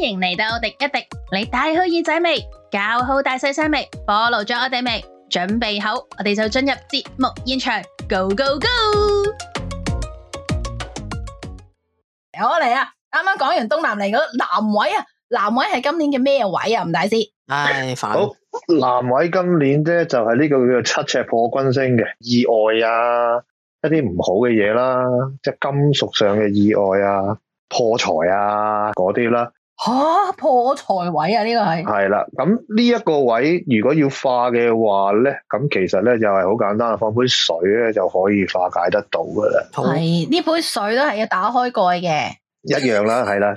歡迎嚟到迪一迪，你帶好耳仔未？搞好大細聲未？暴露咗我哋未？準備好，我哋就進入節目現場，Go Go Go！好，我嚟啊！啱啱講完東南嚟嗰南位啊，南位係今年嘅咩位啊？吳大師，唉，煩。好，南位今年啫，就係呢個叫做七赤破軍星嘅意外啊，一啲唔好嘅嘢啦，即係金屬上嘅意外啊，破財啊嗰啲啦。嚇破財位啊！呢個係係啦，咁呢一個位如果要化嘅話咧，咁其實咧就係好簡單啊，放杯水咧就可以化解得到噶啦。同係呢杯水都係要打開蓋嘅，一樣啦，係啦，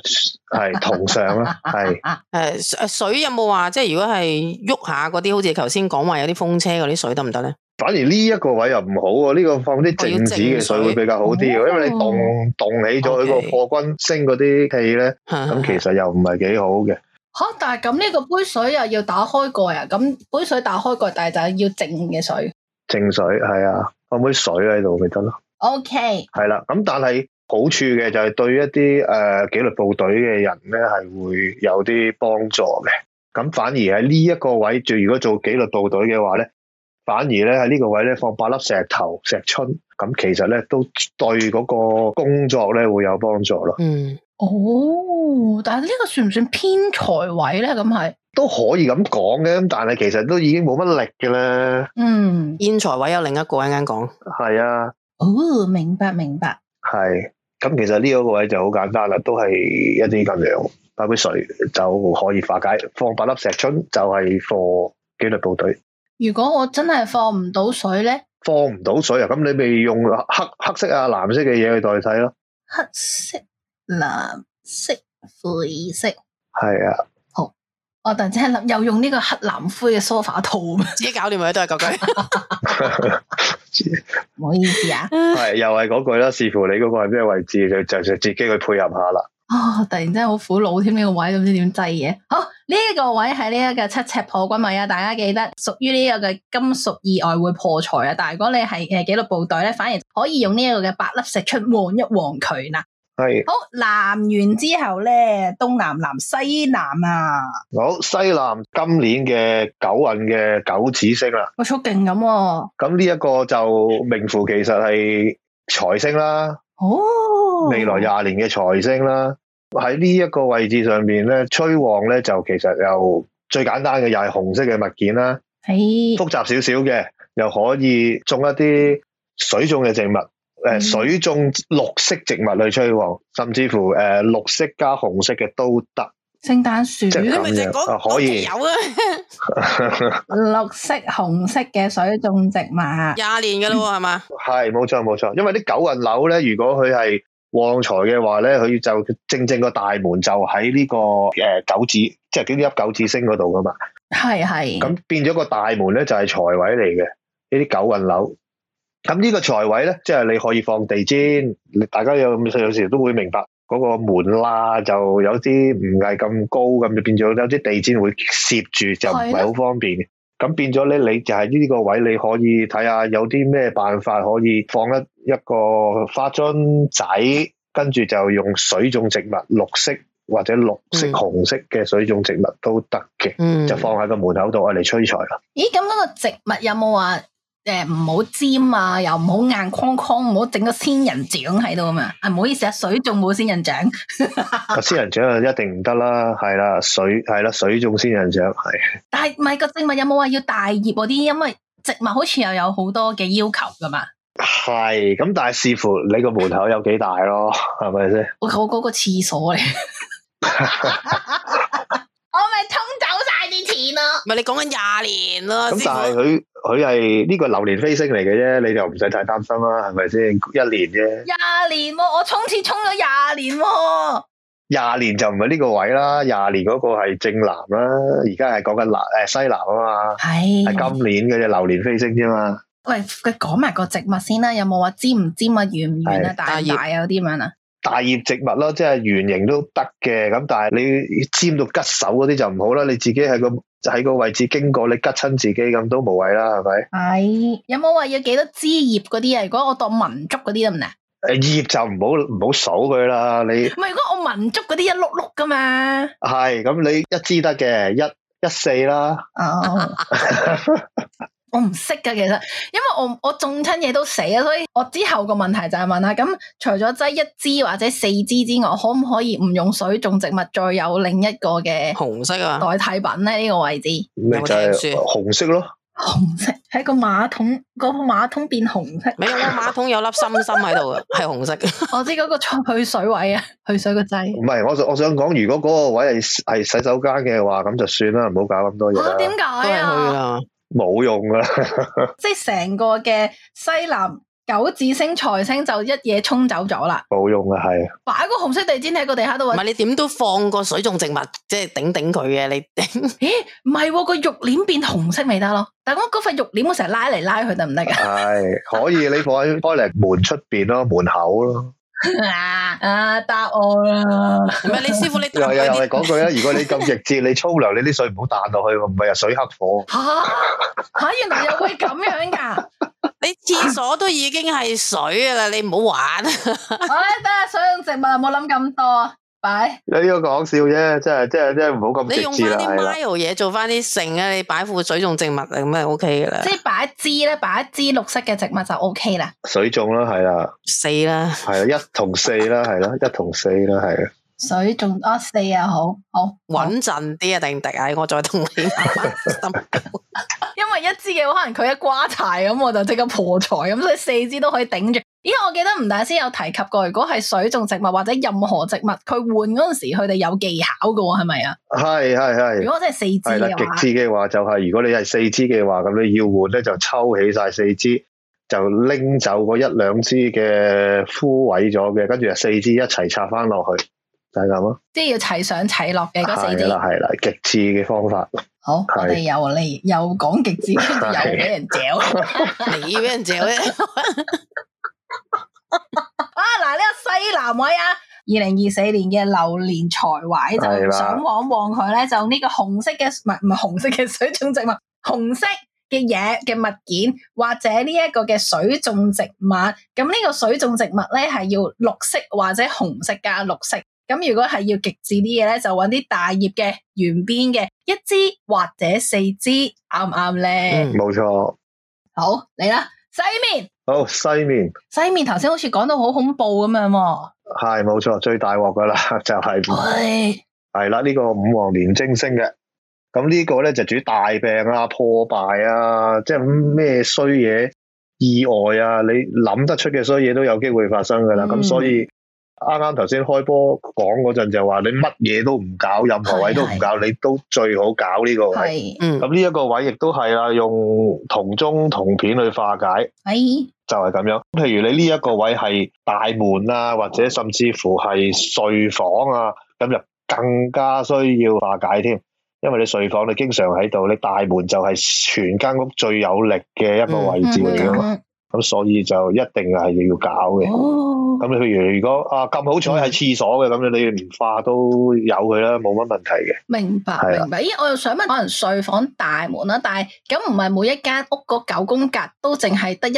係同上啦，係誒誒水有冇話即係如果係喐下嗰啲好似頭先講話有啲風車嗰啲水得唔得咧？反而呢一個位又唔好喎、啊，呢、這個放啲靜止嘅水會比較好啲，因為你動動起咗佢個破軍星嗰啲氣咧，咁 Okay. 其實又唔係幾好嘅。吓、啊，但係咁呢個杯水又要打開蓋啊！咁杯水打開蓋，但係就係要靜嘅水。靜水係啊，放杯水喺度咪得咯。OK、啊。係啦，咁但係好處嘅就係對一啲誒紀律部隊嘅人咧係會有啲幫助嘅。咁反而喺呢一個位做，如果做紀律部隊嘅話咧。反而咧喺呢個位咧放八粒石頭石春，咁其實咧都對嗰個工作咧會有幫助咯。嗯，哦，但係呢個算唔算偏財位咧？咁係都可以咁講嘅，咁但係其實都已經冇乜力嘅啦。嗯，偏財位有另一個一陣講，係啊。哦，明白明白。係，咁其實呢一個位就好簡單啦，都係一啲咁樣擺杯水就可以化解，放八粒石春就係 for 紀律部隊。如果我真係放唔到水咧，放唔到水啊！咁你咪用黑黑色啊、藍色嘅嘢去代替咯。黑色、藍色、灰色。係啊。好，我突然之間諗，又用呢個黑藍灰嘅梳化套。自己搞掂佢都係嗰句。唔好意思啊。係又係嗰句啦，視乎你嗰個係咩位置，就就自己去配合下啦。哦，突然真係好苦惱添呢個位，都唔知點制嘢。好，呢個位係呢一個七赤破軍位啊！大家記得屬於呢個嘅金屬意外會破財啊！但係如果你係誒紀律部隊咧，反而可以用呢一個嘅八粒石出旺一旺佢啦。係是好，南完之後咧，東南南西南啊。好，西南今年嘅九運嘅九紫星啦。我速勁咁！咁呢一個就名副其實係財星啦。哦，oh. 未來廿年嘅財星啦，喺呢一個位置上面咧，催旺咧就其實又最簡單嘅又係紅色嘅物件啦，係 Hey. 複雜少少嘅又可以種一啲水種嘅植物，誒水種綠色植物去催旺，甚至乎誒綠色加紅色嘅都得。聖誕樹咪就嗰隻有啊！綠色、紅色嘅水種植物，廿年嘅咯係嘛？係，冇錯冇錯，因為啲九運樓咧，如果佢係旺財嘅話咧，佢就正正個大門就喺呢個誒九紫，即係點啲入九紫星嗰度噶嘛。係係，咁變咗個大門咧就係財位嚟嘅呢啲九運樓。咁呢個財位咧，即係你可以放地氈。你大家有有時都會明白。嗰個門啦，就有啲唔係咁高，咁就變咗有啲地氈會攝住，就唔係好方便。咁的變咗咧，你就係呢個位，你可以睇下有啲咩辦法可以放一一個花樽仔，跟住就用水種植物，綠色或者綠色、嗯、紅色嘅水種植物都得嘅，就放喺個門口度我嚟催財啦。嗯嗯、咦，咁嗰個植物有冇話？誒，唔好尖啊，又唔好硬框框，唔好整個仙人掌喺度啊嘛。啊，唔好意思啊，水仲冇仙人掌。仙 人掌啊，一定唔得啦，係啦，水係啦，水種仙人掌係。但係唔係個植物有冇話要大葉嗰啲？因為植物好似又有好多嘅要求噶嘛。係，咁但係視乎你個門口有幾大咯，係咪先？我我嗰、嗰個廁所嚟。 我咪沖走晒啲錢咯，唔係你講緊廿年咯。咁但係佢佢係呢個流年飛星嚟嘅啫，你就唔使太擔心啦，係咪先？一年啫，廿年我我沖廁沖咗廿年喎，廿年就唔係呢個位啦，廿年嗰個係正南啦，而家係講緊南、誒西南啊嘛，係係是今年嘅啫，流年飛星啫嘛。喂，佢講埋個植物先啦，有冇話尖唔尖啊，圓唔圓啊，是大唔月大啊，啲咁樣啊？大葉植物咯，即係圓形都得嘅，咁但係你尖到吉手嗰啲就唔好啦。你自己喺個喺個位置經過，你吉親自己咁都冇謂啦，係咪？係，有冇話要幾多枝葉嗰啲啊？如果我當文竹嗰啲得唔得？誒，葉就唔好唔好數佢啦，你。唔係，如果我文竹嗰啲一碌碌噶嘛。係，咁你一枝得嘅，一一四啦。Oh. 我唔識噶，其實因為我我種親嘢都死啊，所以我之後個問題就係問下：咁除咗擠一支或者四支之外，可唔可以唔用水種植物？再有另一個嘅、這個、紅色啊代替品咧？呢個位置咪就係紅色咯？說紅色喺個馬桶，個馬桶變紅色。你有個馬桶有粒心心喺度嘅，係 紅色。 我知嗰個去水位啊，去水個掣。唔係，我我想講，如果嗰個位係係洗手間嘅話，咁就算啦，唔好搞咁多嘢。點解啊？為冇用啦，即係成個嘅西南九字星財星就一嘢沖走咗啦。冇用啊，係擺個紅色地氈喺個地下度。唔係你點都放個水種植物，即係頂頂佢嘅你頂。誒，唔係個浴簾變紅色咪得咯？但係我嗰塊浴簾我成日拉嚟拉去得唔得啊？係可以，你放喺開嚟門出邊咯，門口咯。 啊，啊！答案啊，唔 係 你師傅你又又嚟講句啦，如果你咁直接，你沖涼你啲水唔好彈落去，唔係啊水黑火。吓、 啊啊、原來又會咁樣噶？ 你廁所都已經係水㗎啦，你唔好玩 啊！哎，得啊，水用植物，唔好諗咁多。擺你呢個講笑啫，真係真係真係唔好咁。你用翻啲 micro 嘢，做翻啲盛啊，你擺副水種植物啊，咁咪 O K 噶啦。即係擺一支咧，擺一支綠色嘅植物就 O K 啦。水種啦，係啦，四啦了，係啦，一同四啦，係咯，一同四啦，係啊。水種多四啊，好好穩陣啲啊，定唔定啊，我再同你，因為一支嘢可能佢一瓜柴咁，我就即刻破財咁，所以四支都可以頂住。咦，我記得吳大師有提及過，如果係水種植物或者任何植物，佢換嗰陣時，佢哋有技巧噶，係咪啊？係係係。如果真係四枝，嘅話，係啦，極致嘅話就係、是，如果你係四枝嘅話，咁你要換咧，就抽起晒四枝，就拎走嗰一兩支嘅枯萎咗嘅，跟住啊四枝一齊插翻，落去，就係咁咯。即係要齊上齊落嘅嗰四枝。係啦係啦，極致嘅方法。好的我哋，你又你又講極致，的又俾人嚼，你俾人嚼。 啊！嗱，呢個西南位啊，二零二四年嘅流年財位就上網望佢咧，就呢個紅色嘅，唔係唔係紅色嘅水種植物，紅色嘅嘢嘅物件或者呢一個嘅水種植物，咁呢個水種植物咧係要綠色或者紅色加綠色咁，如果係要極致啲嘢咧，就揾啲大葉嘅圓邊嘅一支或者四支，啱唔啱咧？嗯，冇錯。好嚟啦，洗面。好、哦、西面，西面頭先好似講到好恐怖咁樣，係冇錯，最大鑊噶啦，就係係啦，呢個五黃年精星嘅，咁、這、呢個咧就主大病啊、破敗啊，即係咩衰嘢、意外啊，你諗得出嘅衰嘢都有機會發生噶啦，咁、嗯、所以啱啱頭先開波講嗰陣就話你乜嘢都唔搞，任何位都唔搞，是是你都最好搞呢個位，咁呢一個位亦都係啦，用銅鐘銅片去化解。嗯就係咁樣，譬如你呢一個位係大門啊，或者甚至乎係睡房啊，咁就更加需要化解添。因為你睡房你經常喺度，你大門就係全間屋最有力嘅一個位置嚟噶嘛。咁所以就一定係要搞嘅。哦，咁你譬如如果啊咁好彩係廁所嘅咁樣，你唔化都有佢啦，冇乜問題嘅。明白，明白。咦，我又想問，可能睡房大門啦，但係咁唔係每一間屋嗰九宮格都淨係得一。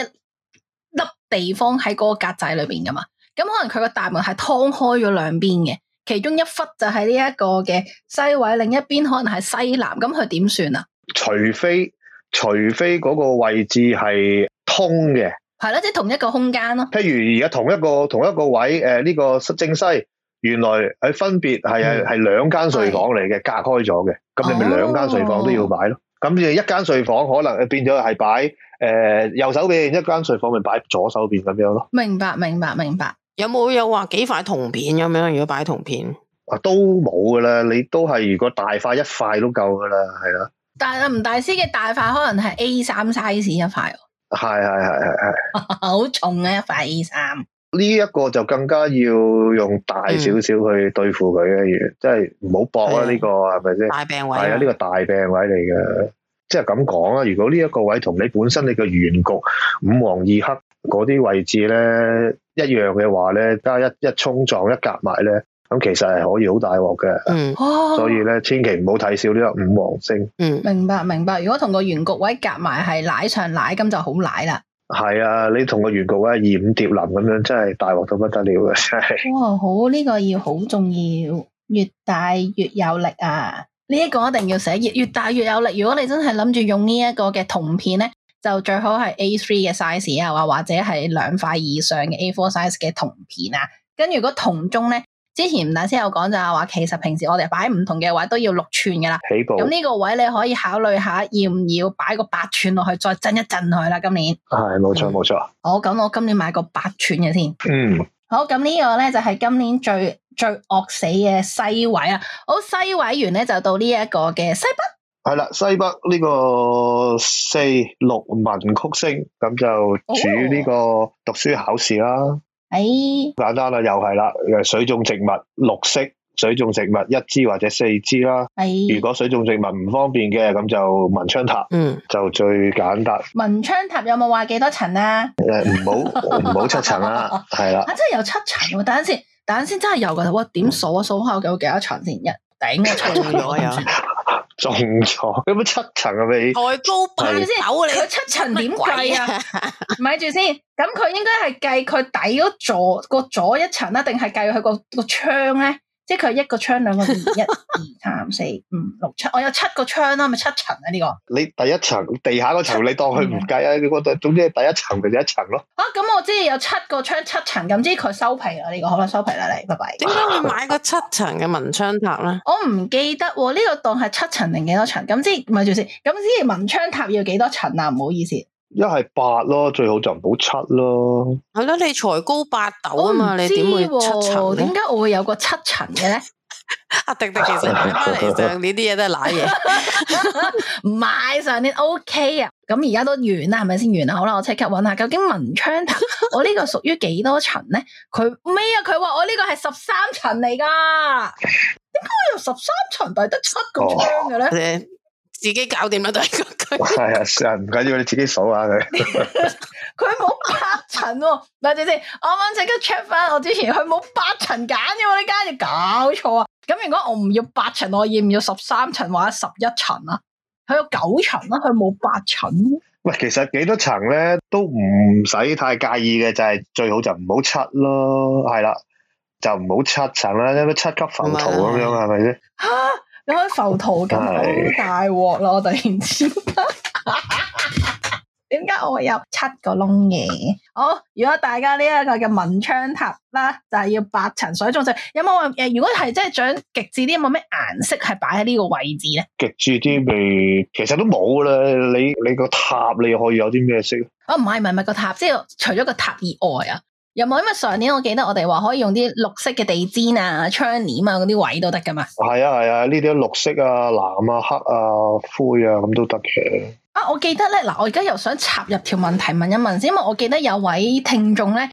粒地方喺嗰個格仔裏邊噶嘛，咁可能佢個大門係劏開咗兩邊嘅，其中一忽就喺呢一個嘅西位，另一邊可能係西南，咁佢點算啊？除非除非嗰個位置係通嘅，係咯，即係同一個空間咯。譬如而家同一個同一個位，誒、呃、呢、呢個正西，原來佢分別係係係兩間睡房嚟嘅，隔開咗嘅，咁、嗯、你咪兩間睡房都要擺咯。咁你、哦、一間睡房可能變咗係擺。誒，右手邊一間睡房咪擺左手邊咁樣咯。明白，明白，明白。有冇有話幾塊銅片咁樣？如果擺銅片，啊都冇噶啦。你都係如果大塊一塊都夠噶啦，係啦。但係吳大師嘅大塊可能係 A 三 size 一塊。係係係係係，好重嘅一塊 A 三呢一個就更加要用大少少去對付佢嘅，即係唔好搏啊！呢個係咪先？大病位係啊，呢個大病位嚟嘅。即係咁講啊，如果呢一個位同你本身你嘅原局五黃二黑嗰啲位置咧一樣嘅話咧，加一一衝撞一夾埋咧，咁其實係可以好大鑊嘅。嗯，哦，所以咧千祈唔好睇少呢個五黃星。嗯，明白明白。如果同個原局位夾埋係奶上奶，咁就好奶啦。係啊，你同個原局位二五疊臨咁樣，真係大鑊到不得了嘅。哇、 哦！好呢、呢個要好重要，越大越有力啊！呢一個一定要寫，越越大越有力。如果你真係諗住用呢一個嘅銅片咧，就最好係 A three 嘅 size 啊，或者係兩塊以上嘅 A four size 嘅銅片啊。跟如果銅鐘咧，之前吳大師有講就係話，其實平時我哋擺唔同嘅位都要六寸噶啦。咁呢步個位你可以考慮下，要唔要擺個八寸落去，再震一震佢啦。今年係冇錯冇錯。我咁、嗯錯哦、我今年買個八寸嘅先。嗯。好，咁呢個咧就係、是、今年最。最惡死嘅西位啊！好西位完咧，就到呢一個嘅西北。係啦，西北呢個四六文曲星咁就主呢個讀書考試啦。誒，簡單啦，又係啦，水種植物綠色，水種植物一支或者四支啦。係，如果水種植物唔方便嘅，咁就文昌塔。嗯，就最簡單。文昌塔有冇話幾多層啊？誒，唔好唔好七層啦，係啦。啊，真係有七層，等陣先。等先真係有噶，我點數啊？數下有幾多層先？一頂啊，錯咗，中咗，有冇 七層才是啊？你太高班先，佢七層點計啊？咪住先，咁佢應該係計佢底嗰座個左一層啦，定係計佢個個窗咧？即係佢一個窗兩個字，一二三四五六七，我有七個窗啦，咪七層啊呢個。你第一層地下個層你當佢唔計啊，你覺得總之係第一層咪就一層咯。啊，咁我知有七個窗七層，咁之佢收皮啦呢個，可能收皮啦你，拜拜。點解會買個七層嘅文昌塔咧？我唔記得呢個當係七層定幾多層，咁之咪住先，咁之文昌塔要幾多層啊？唔好意思。一係八咯，最好就唔好七咯。係咯、啊，你才高八斗啊嘛，你點會七層？點解我會有個七層嘅咧？阿迪迪其實你上年啲嘢都係賴嘢。唔 係 上年 OK 啊，咁而家都完啦，係咪先完啦？好啦，我即刻搵下究竟文昌塔， 我個屬於呢個屬於幾多層咧？佢咩啊？佢話我，個我呢個係十三層嚟噶，點解我用十三層但得七個窗嘅咧？自己搞掂啦，都係佢。係啊，唔緊要，你自己數下佢。佢冇八層喎，嗱，等先。我啱啱即刻 check 翻，我之前佢冇八層揀嘅喎，呢間要搞錯啊！咁如果我唔要八層，我要唔要十三層或者十一層啊？佢有九層啦，佢冇八層。喂，其實幾多層咧都唔使太介意嘅，就係最好就唔好七咯，係啦，就唔好七層啦，因為七級浮屠咁樣係咪先？是吧 你可以浮圖咁好大鑊咯！唉我突然之間，點 解 我會有七個窿嘅？好、oh，如果大家呢一個嘅文昌塔啦，就係、是、要八層，水以仲有冇話誒？如果係真係長極致啲，有冇咩顏色係擺喺呢個位置咧？極致啲咪，其實都冇啦。你你個塔你可以有啲咩色？哦、oh，唔係唔係，個塔即係除咗個塔以外啊。有冇？因為上年我記得我哋話可以用啲綠色嘅地氈啊、窗簾啊嗰啲位都得噶嘛。係啊係啊，呢啲、啊、綠色啊、藍啊、黑啊、灰啊咁都得嘅。啊，我記得咧，嗱，我而家又想插入條問題問一問先，因為我記得有位聽眾咧，呢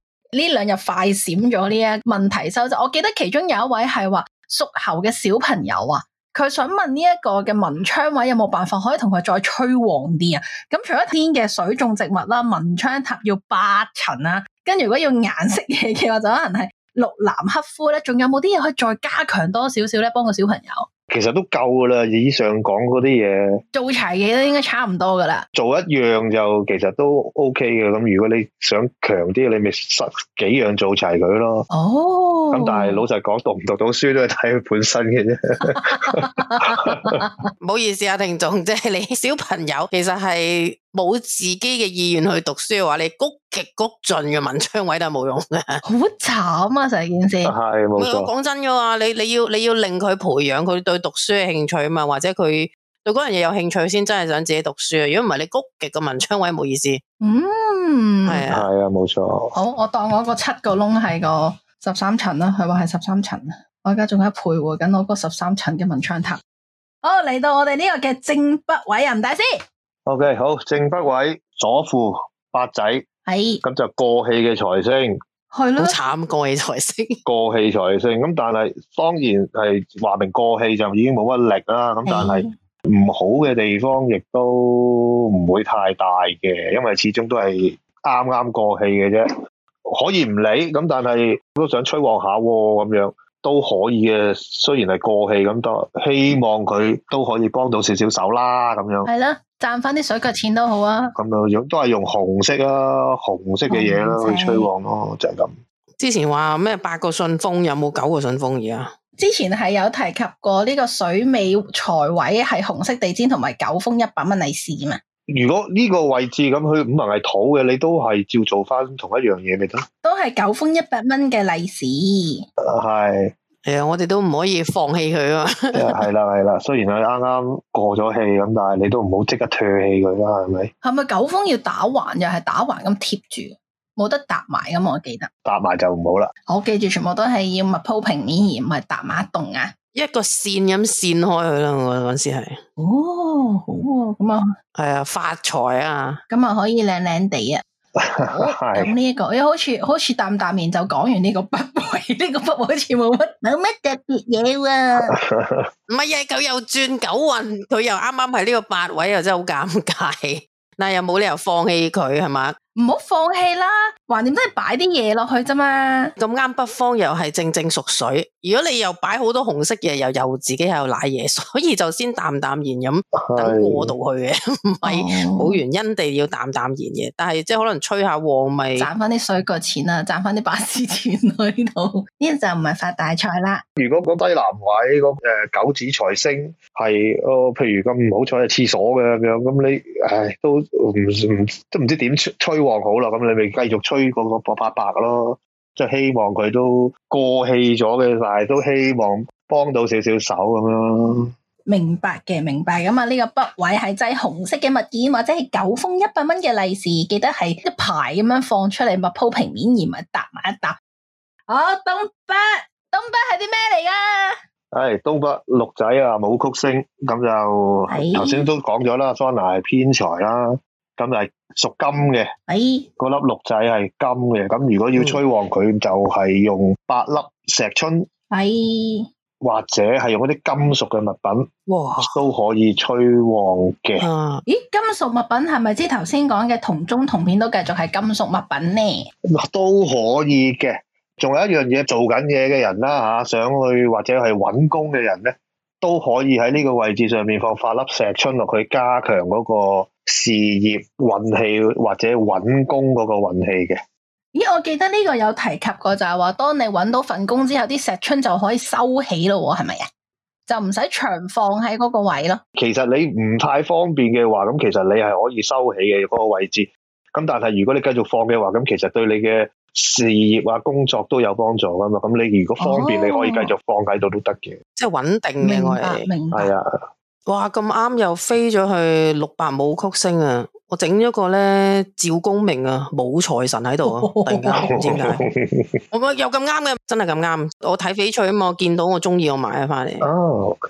兩日快閃咗呢一問題收集，我記得其中有一位係話屬猴嘅小朋友啊。佢想問呢一個嘅文昌位有冇辦法可以同佢再吹旺啲啊？咁除咗天嘅水種植物啦，文昌塔要八層啊，跟住如果要顏色嘢嘅話，就可能係綠、藍、黑灰咧。仲有冇啲嘢可以再加強多少少咧？幫個小朋友。其實都夠噶啦，以上講嗰啲嘢，做齊嘢都應該差唔多噶啦。做一樣就其實都 OK 嘅，咁如果你想強啲，你咪十幾樣做齊佢咯。哦。咁但係老實講，讀唔讀到書都係睇佢本身嘅啫。唔 好意思啊，聽眾，即係你小朋友，其實係。冇自己嘅意願去讀書嘅話，你谷極谷盡嘅文昌位都係冇用嘅。好 慘 啊！成件事係冇錯。講真嘅話，你你要你要令佢培養佢對讀書嘅興趣啊嘛，或者佢對嗰樣嘢有興趣先真係想自己讀書啊。如果唔係，你谷極嘅文昌位冇意思。 是是是嗯，係啊，係啊，冇錯。好，我當我個七個窿係個十三層啦，佢話係十三層，我而家仲喺徘徊緊我嗰十三層嘅文昌塔。好，嚟到我哋呢個嘅正北位吳大師。主持組 O.K. 好，正北位左父八仔係，咁就過氣嘅財星，係咯，好慘，過氣財星，過氣財星。咁但係當然係話明過氣就已經冇乜力啦。咁但係唔好嘅地方亦都唔會太大嘅，因為始終都係啱啱過氣嘅啫，可以唔理。咁但係都想催旺下喎，咁樣都可以嘅。雖然係過氣咁，都希望佢都可以幫到少少手啦。咁樣係啦。賺翻啲水腳錢都好啊！咁就用都係用紅色啊，紅色嘅嘢啦色去吹旺咯，哦，就係、是、咁。之前話咩八個信封，有冇九個信封而家？之前係有提及過呢個水尾財位係紅色地氈同埋九封一百蚊利是嘛？如果呢個位置咁佢五行係土嘅，你都係照做翻同一樣嘢嚟。得。都係九封一百蚊嘅利是，係、uh,。係啊，我哋都唔可以放棄佢啊！係啦係啦，雖然佢啱啱過咗氣咁， 但係你都唔好即刻唾棄佢啦，係咪？係咪九風要打橫？又係打橫咁貼住，冇得搭埋咁，我記得。搭埋就唔好啦。我記住全部都係要密鋪平面，而唔係搭埋一棟啊。一個扇咁扇開佢啦，我嗰時係。哦，好啊，咁啊，係啊，發財啊，咁啊可以靚靚地啊。咁呢一個，又好似好似淡淡面就講完呢、呢個八位，呢、 呢個八位、呢個、好似冇乜，冇乜特別嘢啊！唔係呀，佢又轉九運，佢又啱啱係呢個八位，又真係好尷尬。但係，又冇理由放棄佢，係嘛？唔好放棄啦，橫掂都係擺啲嘢落去啫嘛。咁啱北方又係正正屬水，如果你又擺好多紅色嘢，又又自己喺度瀨嘢，所以就先淡淡然咁等過度去嘅，唔係冇原因地要淡淡然嘅。但係即係可能吹下旺咪賺翻啲水果錢啦，賺翻啲巴士錢喺度，呢 就唔係發大財啦。如果講低南位咁誒，九紫財星係，我、呃、譬如咁唔好彩係廁所嘅咁，咁你誒都唔唔都唔知點吹。希望好啦，咁你咪繼續吹嗰個八白咯，即係希望佢都過氣咗嘅，但係都希望幫到少少手咁咯。明白嘅，明白咁啊！呢個北位係制紅色嘅物件或者係九封一百蚊嘅利是，記得係一排咁樣放出嚟，唔係鋪平面而唔係搭埋一搭。哦，東北，東北係啲咩嚟噶？係，哎，東北六白啊，武曲星，咁就頭先都講咗啦，桑拿係偏財啦。咁就係屬金嘅，嗰粒六仔係金嘅。咁如果要催旺佢，就係用八粒石春，或者係用嗰啲金屬嘅物品，都可以催旺嘅。咦，金屬物品係咪即頭先講嘅銅鐘銅片都繼續係金屬物品呢？都可以嘅。仲有一樣嘢，做緊嘢嘅人啦吓，想去或者係搵工嘅人咧，都可以喺呢個位置上面放八粒石春落去，加強嗰個。事業運氣或者搵工嗰個運氣嘅，咦？我記得呢個有提及過，就係、是、話當你搵到份工之後，啲石春就可以收起咯，係咪啊？就唔使長放喺嗰個位咯。其實你唔太方便嘅話，咁其實你係可以收起嘅嗰、那個位置。咁但係如果你繼續放嘅話，咁其實對你嘅事業啊工作都有幫助啊嘛。咁你如果方便，哦、你可以繼續放喺度都得嘅。即係穩定，我明係啊。們白哇，咁啱又飛咗去六白武曲星啊！我整咗個咧趙公明啊，武財神喺度啊，哦哦哦哦突然間唔知點解，我覺有咁啱嘅，真係咁啱。我睇翡翠啊嘛，我見到我中意，我買咗翻嚟。哦、oh，OK，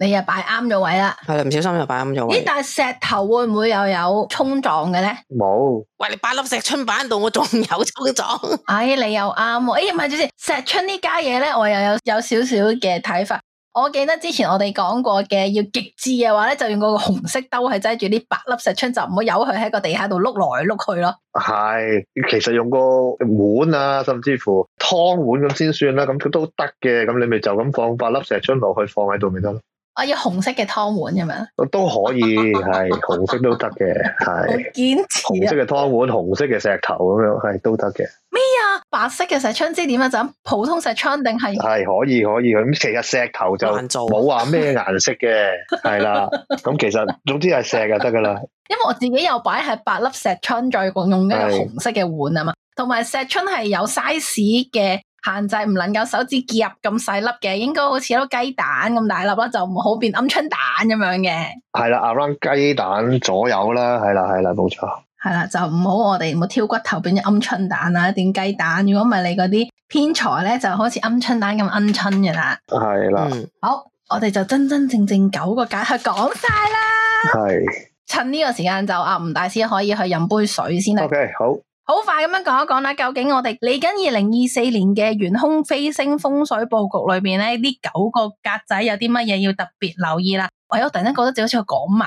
你啊擺啱咗位啦，係啦，唔小心又擺啱咗位。咦？但係石頭會唔會又有衝撞嘅咧？冇沒，喂，你擺粒石春擺喺度，我仲有衝撞。 哎，你又啱啊！哎呀，唔係住先，石春呢家嘢咧，我又有有少少嘅睇法。我記得之前我哋講過嘅，要極致嘅話咧，就用個紅色兜去擠住啲八粒石春，就唔好由佢喺個地下度碌來碌去咯。係，其實用個碗啊，甚至乎湯碗咁先算啦，咁佢都得嘅。咁你咪就咁放八粒石春落去放喺度，咪得咯。我要紅色嘅湯碗，係咪啊？都可以，係紅色都得嘅，係 是。堅持、啊、紅色嘅湯碗，紅色嘅石頭咁樣，係都得嘅。咩啊？白色嘅石春知點樣？就普通石春定係？係，可以可以咁，其實石頭就冇話咩顏色嘅，係啦。 咁其實總之係石就得噶啦。因為我自己又擺係八粒石春，再用用一個紅色嘅碗啊嘛。同埋是的 石春係有 size 嘅限制，唔能夠手指夾咁細粒嘅，應該好似一粒雞蛋咁大粒啦，就唔好變鵪鶉蛋咁樣嘅。係啦，around 雞蛋左右啦，係啦係啦，冇錯。係啦，就唔好我哋唔好挑骨頭，變咗鵪鶉蛋啊，點雞蛋？如果唔係你嗰啲偏財咧，就好似鵪鶉蛋咁鵪鶉嘅啦。係啦，好，我哋就真真正正九個解去講晒啦。係，趁呢個時間就啊，吳大師可以去飲杯水先啦。OK，好。好快咁樣講一講啦，究竟我哋嚟緊二零二四年嘅玄空飛星風水布局裏邊咧，呢九個格仔有啲乜嘢要特別留意啦。哎，我突然間覺得就好似去講馬，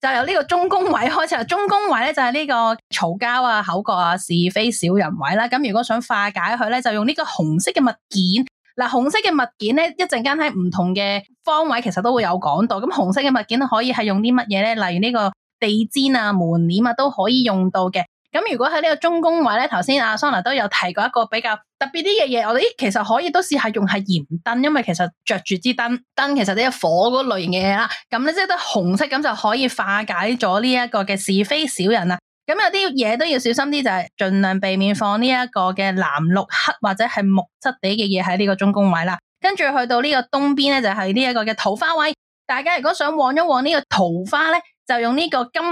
就由呢個中宮位開始。中宮位咧就係、是、呢個嘈交啊、口角啊、是非小人位啦。咁如果想化解佢咧，就用呢個紅色嘅物件。嗱、啊，紅色嘅物件咧，一陣間喺唔同嘅方位其實都會有講到。咁、啊、紅色嘅物件可以係用啲乜嘢咧？例如呢個地氈啊、門簾啊都可以用到嘅。咁如果喺呢個中宮位咧，頭先阿 Sona 都有提過一個比較特別啲嘅嘢，我哋其實可以都試下用係鹽燈，因為其實着住支燈，燈其實都係火嗰類型嘅嘢啦。咁咧即係得紅色，咁就可以化解咗呢一個嘅是非小人啦。咁有啲嘢都要小心啲，就係、是、盡量避免放呢一個嘅藍、綠、黑或者係木質地嘅嘢喺呢個中宮位啦。跟住去到呢個東邊咧，就係呢一個嘅桃花位。大家如果想旺一旺呢個桃花咧，就用呢個金、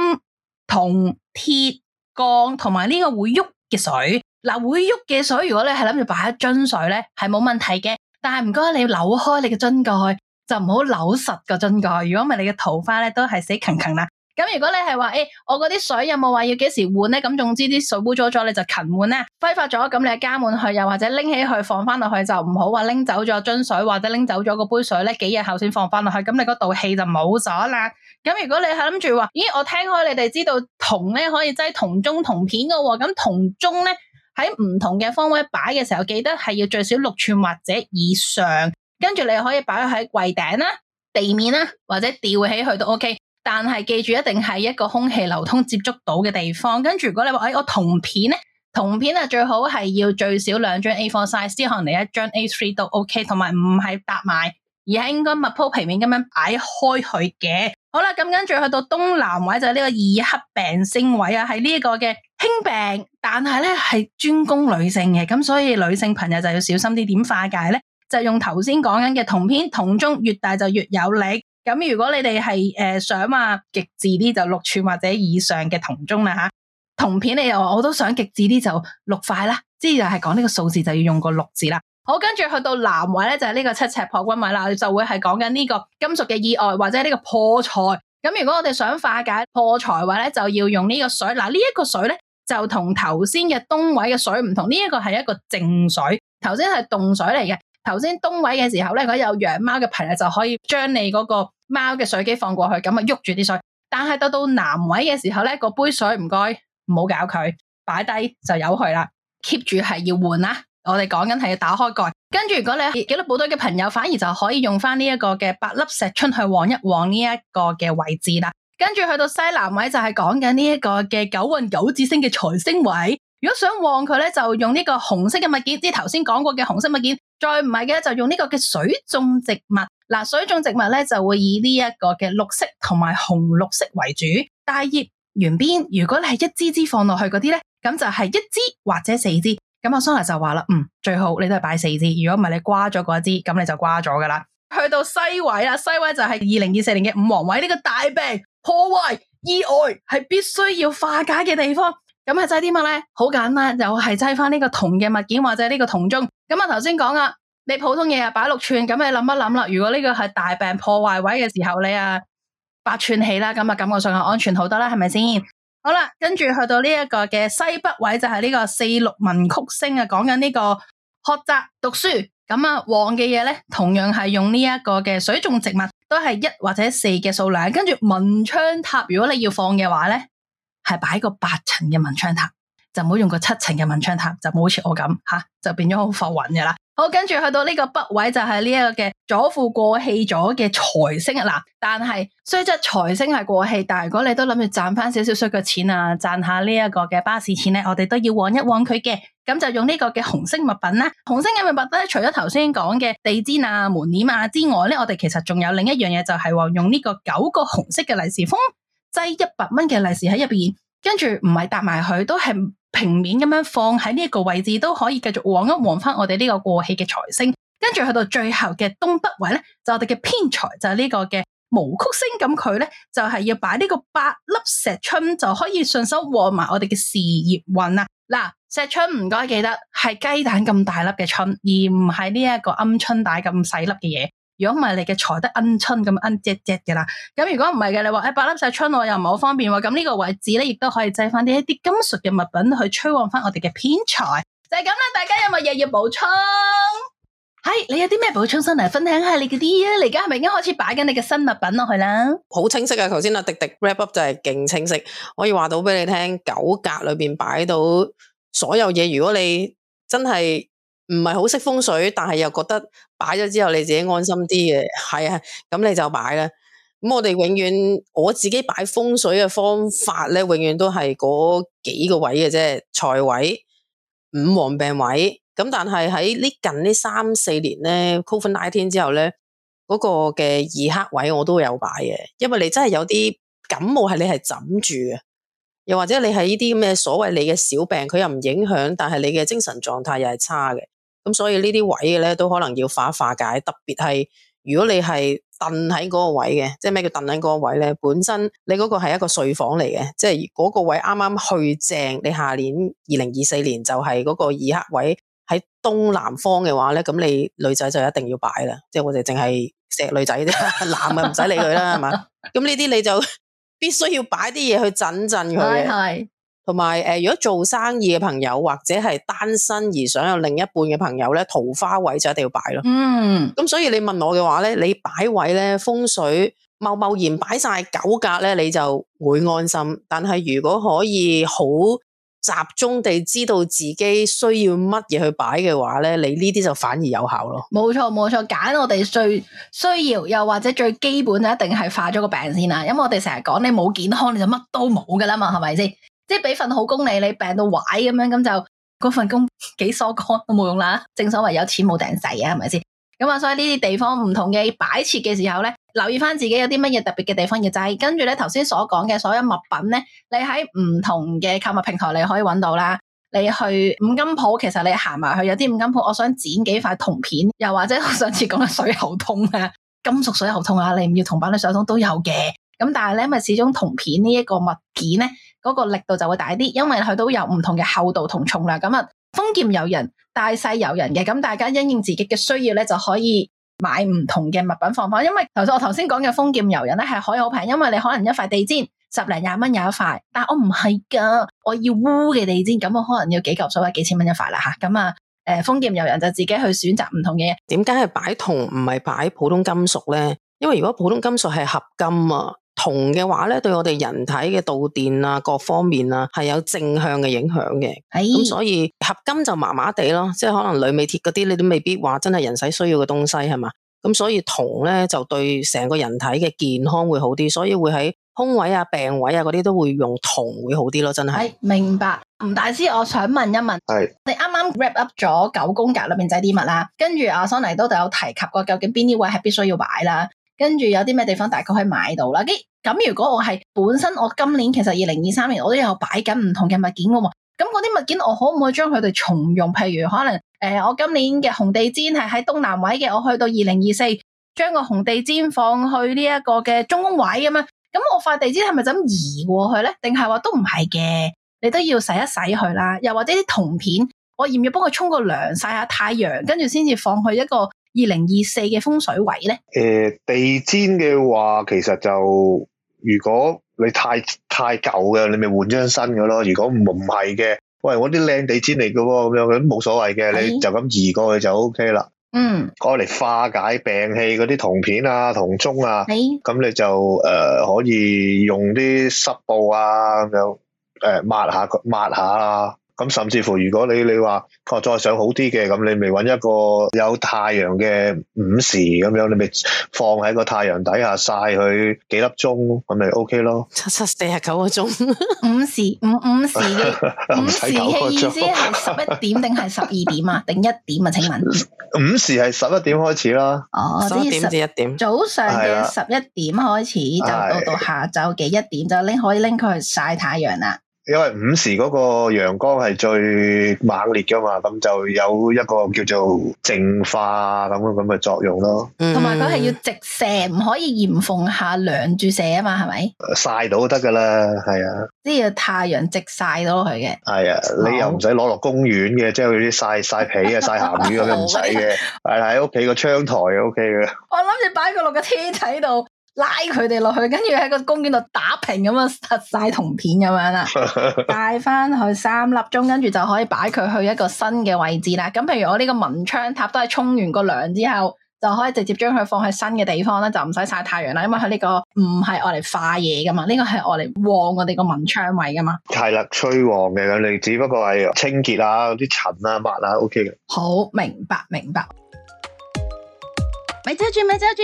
銅、鐵。鐵缸同埋呢個會喐嘅水，嗱、啊、會喐嘅水，如果你係諗住擺一樽水咧，係冇問題嘅。但係唔該，你扭開你嘅樽蓋，就唔好扭實個樽蓋。如果唔係，你嘅桃花咧都係死勤勤啦。咁如果你係話誒，我嗰啲水有冇話要幾時換咧？咁總之啲水污糟咗，你就勤換啦。揮發咗，咁你加滿去，又或者拎起去放翻落去，就唔好話拎走咗樽水，或者拎走咗個杯水咧。幾日後先放翻落去，咁你嗰度氣就冇咗啦。咁如果你係諗住話，咦，我聽開你哋知道銅咧可以擠銅鐘、銅片噶喎。咁銅鐘咧喺唔同嘅方位擺嘅時候，記得係要最少六寸或者以上。跟住你可以擺喺櫃頂啦、地面啦、啊，或者吊起去都 OK。但係記住，一定係一個空氣流通、接觸到嘅地方。跟住，如果你話，誒、哎，我銅片咧，銅片啊，最好係要最少兩張 A4 size，可能你一張 A3 都 OK。同埋唔係搭埋，而係應該密鋪平面咁樣擺開佢嘅。好啦，咁跟住去到東南位就呢、係、個二黑病星位啊，係呢一個嘅輕病，但係咧係專攻女性嘅，咁所以女性朋友就要小心啲，點化解咧？就用頭先講緊嘅銅片銅鐘越大就越有力。咁如果你哋係誒、想啊極致啲，就六寸或者以上嘅銅鐘啦，吓，銅片你又我都想極致啲，就六塊啦，即係係講呢個數字就要用個六字啦。好，跟住去到南位咧，就係、是、呢個七尺破軍位啦，就會係講緊呢個金屬嘅意外或者呢個破財。咁如果我哋想化解破財位咧，就要用呢個水嗱，水呢、這個、一個水咧就同頭先嘅東位嘅水唔同，呢一個係一個靜水，頭先係動水嚟嘅。頭先東位嘅時候咧，如果有養貓嘅朋友就可以將你嗰個貓嘅水機放過去，咁啊喐住啲水。但係到到南位嘅時候咧，個杯水唔該唔好搞佢，擺低就由佢啦。keep 住係要換啦。我哋講緊係要打開蓋，跟住如果你係幾粒寶堆嘅朋友，反而就可以用翻呢一個嘅八粒石春去旺一旺呢一個嘅位置啦。跟住去到西南位就係講緊呢一個嘅九運九紫星嘅財星位。如果想旺佢咧，就用呢個紅色嘅物件，即係頭先講過嘅紅色物件。再唔係嘅就用呢個嘅水種植物，嗱、啊、水種植物咧就會以呢一個嘅綠色同埋紅綠色為主，大葉圓邊，如果你係一支支放落去嗰啲咧，咁就係一支或者四支。咁阿 Sona 就話啦，嗯，最好你都係擺四支，如果唔係你掛咗嗰一支，咁你就掛咗噶啦。去到西位啦，西位就係二零二四年嘅五黃位，呢個大病破壞意外係必須要化解嘅地方。咁係砌啲乜咧？好簡單，又係砌翻呢個銅嘅物件或者呢個銅鐘。咁啊，頭先講啊，你普通嘢啊，擺六寸，咁你諗一諗啦。如果呢個係大病破壞位嘅時候，你啊八寸起啦，咁啊感覺上係安全好多啦，係咪先？好啦，跟住去到呢一個嘅西北位就係呢個四六文曲星啊，講緊呢個學習讀書。咁啊，黃嘅嘢咧，同樣係用呢一個嘅水種植物，都係一或者四嘅數量。跟住文昌塔，如果你要放嘅話咧。係擺個八層嘅文昌塔，就唔好用個七層嘅文昌塔，就唔好似我咁吓、啊，就變咗好浮雲嘅啦。好，跟住去到呢個北位就係呢一個嘅左輔過氣咗嘅財星啊！嗱，但係雖則財星係過氣，但係如果你都諗住賺翻少少衰嘅錢啊，賺下呢一個嘅巴士錢咧，我哋都要旺一旺佢嘅。咁就用呢個嘅紅色物品啦，紅色嘅物品咧，除咗頭先講嘅地氈啊、門簾啊之外咧，我哋其實仲有另一樣嘢，就係、是、話用呢個九個紅色嘅利是封。擠一百蚊嘅利是喺入邊，跟住唔係搭埋佢，都係平面咁樣放喺呢一個位置，都可以繼續旺一旺返我哋呢個過氣嘅財星。跟住去到最後嘅東北位咧，就我哋嘅偏財，就呢個嘅武曲星。咁佢咧就係要擺呢個八粒石春，就可以順手和埋我哋嘅事業運啊！嗱，石春唔該記得係雞蛋咁大粒嘅春，而唔係呢一個鵪鶉蛋咁細粒嘅嘢。如果唔係你嘅財得恩春咁恩 j e 嘅啦，咁如果唔係嘅，你話誒擺粒晒春我又唔係好方便喎，咁呢個位置咧亦都可以制翻啲一啲金屬嘅物品去催旺翻我哋嘅偏財， 就係咁啦。大家有冇日要補充？係、哎、你有啲咩補充先嚟分享下你嗰啲啊？你而家係咪已經開始擺緊你嘅新物品落去啦？好清晰噶、啊，頭先阿迪迪 wrap up 就係勁清晰，可以話到俾你聽九格裏邊擺到所有嘢。如果你真係。唔係好識風水，但係又覺得擺咗之後你自己安心啲嘅，係啊，咁你就擺啦。咁我哋永遠我自己擺風水嘅方法咧，永遠都係嗰幾個位嘅啫，財位、五黃病位。咁但係喺呢近呢三四年咧 COVID-19 之後咧，嗰個嘅二黑位我都有擺嘅，因為你真係有啲感冒係你係枕住嘅，又或者你係呢啲咁嘅所謂你嘅小病，佢又唔影響，但係你嘅精神狀態又係差嘅。咁、嗯、所以呢啲位嘅咧，都可能要化化解。特別係如果你係凳喺嗰個位嘅，即係咩叫凳喺嗰個位咧？本身你嗰個係一個睡房嚟嘅，即係嗰個位啱啱去正。你下年二零二四年就係嗰個二黑位喺東南方嘅話咧，咁你女仔就一定要擺啦。即係我哋淨係錫女仔啫，男嘅唔使理佢啦，係嘛？ 咁呢啲你就必須要擺啲嘢去震震佢。 同埋，誒、呃，如果做生意嘅朋友或者係單身而想有另一半嘅朋友咧，桃花位就一定要擺咯。嗯，咁所以你問我嘅話咧，你擺位咧，風水貿貿然擺晒九格咧，你就會安心。但係如果可以好集中地知道自己需要乜嘢去擺嘅話咧，你呢啲就反而有效咯。冇錯，冇錯，揀我哋最需要，又或者最基本就一定係化咗個病先啦。因為我哋成日講你冇健康你就乜都冇噶啦嘛，係咪先？即係俾份好工你，你病到壞咁樣，咁就嗰份工幾疏肝都冇用啦。 正所謂有錢冇頂使啊，係咪先？咁啊，所以呢啲地方唔同嘅擺設嘅時候咧，留意返自己有啲乜嘢特別嘅地方嘅就係，跟住咧頭先所講嘅所有物品咧，你喺唔同嘅購物平台你可以搵到啦。你去五金鋪，其實你行埋去有啲五金鋪，我想剪幾塊銅片，又或者我上次講嘅水喉通啊，金屬水喉通啊，你唔要銅板嘅水喉通都有嘅。咁但係咧，咪始終銅片呢一個物件咧，嗰個力度就會大啲，因為佢都有唔同嘅厚度同重量。咁啊，豐儉由人，大細由人嘅，咁大家因應自己嘅需要咧，就可以買唔同嘅物品放翻。因為頭先我頭先講嘅豐儉由人咧係可以好平，因為你可能一塊地氈十零廿蚊有一塊，但係我唔係㗎，我要烏嘅地氈，咁我可能要幾嚿水或者幾千蚊一塊啦吓。咁啊，誒、呃，豐儉由人就自己去選擇唔同嘅嘢。點解係擺銅唔係擺普通金屬咧？因為如果普通金屬係合金啊。銅嘅話咧，對我哋人體嘅導電啊，各方面啊，係有正向嘅影響嘅。咁、哎、所以合金就麻麻地咯，即係可能鋁、鎂、鐵嗰啲，你都未必話真係人使需要嘅東西係嘛？咁所以銅咧就對成個人體嘅健康會好啲，所以會喺凶位啊、病位啊嗰啲都會用銅會好啲咯，真係。係、哎、明白，吳大師，我想問一問，是你啱啱 wrap up 咗九宮格裏面仔啲物啦，跟住阿 Sona 都有提及過，究竟邊啲位係必須要擺啦？跟住有啲咩地方大概可以買到啦？啲咁如果我係本身我今年其實二零二三年我都有擺緊唔同嘅物件㗎嘛，咁嗰啲物件我可唔可以將佢哋重用？譬如可能誒、呃、我今年嘅紅地氈係喺東南位嘅，我去到二零二四將個紅地氈放去呢一個嘅中宮位咁啊，咁我塊地氈係咪就咁移過去咧？定係話都唔係嘅，你都要洗一洗佢啦，又或者啲銅片，我要唔要幫佢沖個涼曬下太陽，跟住先至放去一個？二零二四嘅風水位咧？誒、欸、地氈嘅話，其實就如果你太太舊嘅，你咪換張新嘅咯。如果唔係嘅，喂，我啲靚地氈嚟嘅喎，咁樣佢都冇所謂嘅，你就咁移過去就 O K 啦。嗯的，攞嚟化解病氣嗰啲銅片啊、銅鐘啊，咁的你就誒、呃、可以用啲濕布啊咁樣誒抹下佢，抹下啊。咁甚至乎，如果你你話，哦再想好啲嘅，咁你咪揾一個有太陽嘅午時咁樣，你咪放喺個太陽底下晒佢幾粒鐘，咁咪 O K 咯。七七四十九個鐘，午時五午時嘅午時，意思係十一點定係十二點啊？定一點啊？請問？午時係十一點開始啦。哦，即係十一點至一點。早上嘅十一點開始，就到到下晝嘅一點，就拎可以拎佢去晒太陽啦。因為午時嗰個陽光係最猛烈噶嘛，咁就有一個叫做淨化咁嘅咁嘅作用咯。嗯，同埋佢係要直射，唔可以檐縫下兩住射啊嘛，係咪？曬到得噶啦，係啊。都要太陽直曬到佢嘅。係啊，你又唔使攞落公園嘅，即係嗰啲曬曬被啊曬鹹魚咁樣唔使嘅，係喺屋企個窗台 ok 嘅。我諗住擺個落個天台度。拉佢哋落去，跟住喺個公園度打平咁啊，甩晒銅片咁樣啦，帶翻去三粒鐘，跟住就可以擺佢去一個新嘅位置啦。咁譬如我呢個文昌塔都係沖完個涼之後，就可以直接將佢放喺新嘅地方啦，就唔使晒太陽啦，因為佢呢個唔係我嚟化嘢噶嘛，呢個係我嚟旺我哋個文昌位噶嘛。係啦，吹旺嘅，你只不過係清潔啦、啲塵啦、抹啦、啊，OK 嘅。好，明白明白。咪遮住咪遮住。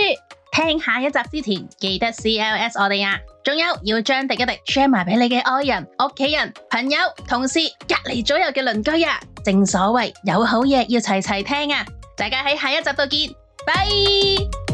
聽下一集之前，記得 C L S 我哋啊！仲有要將迪一迪 share 埋俾你嘅愛人、屋企人、朋友、同事、隔籬左右嘅鄰居啊！正所謂有好嘢要齊齊聽啊！大家喺下一集度見，拜。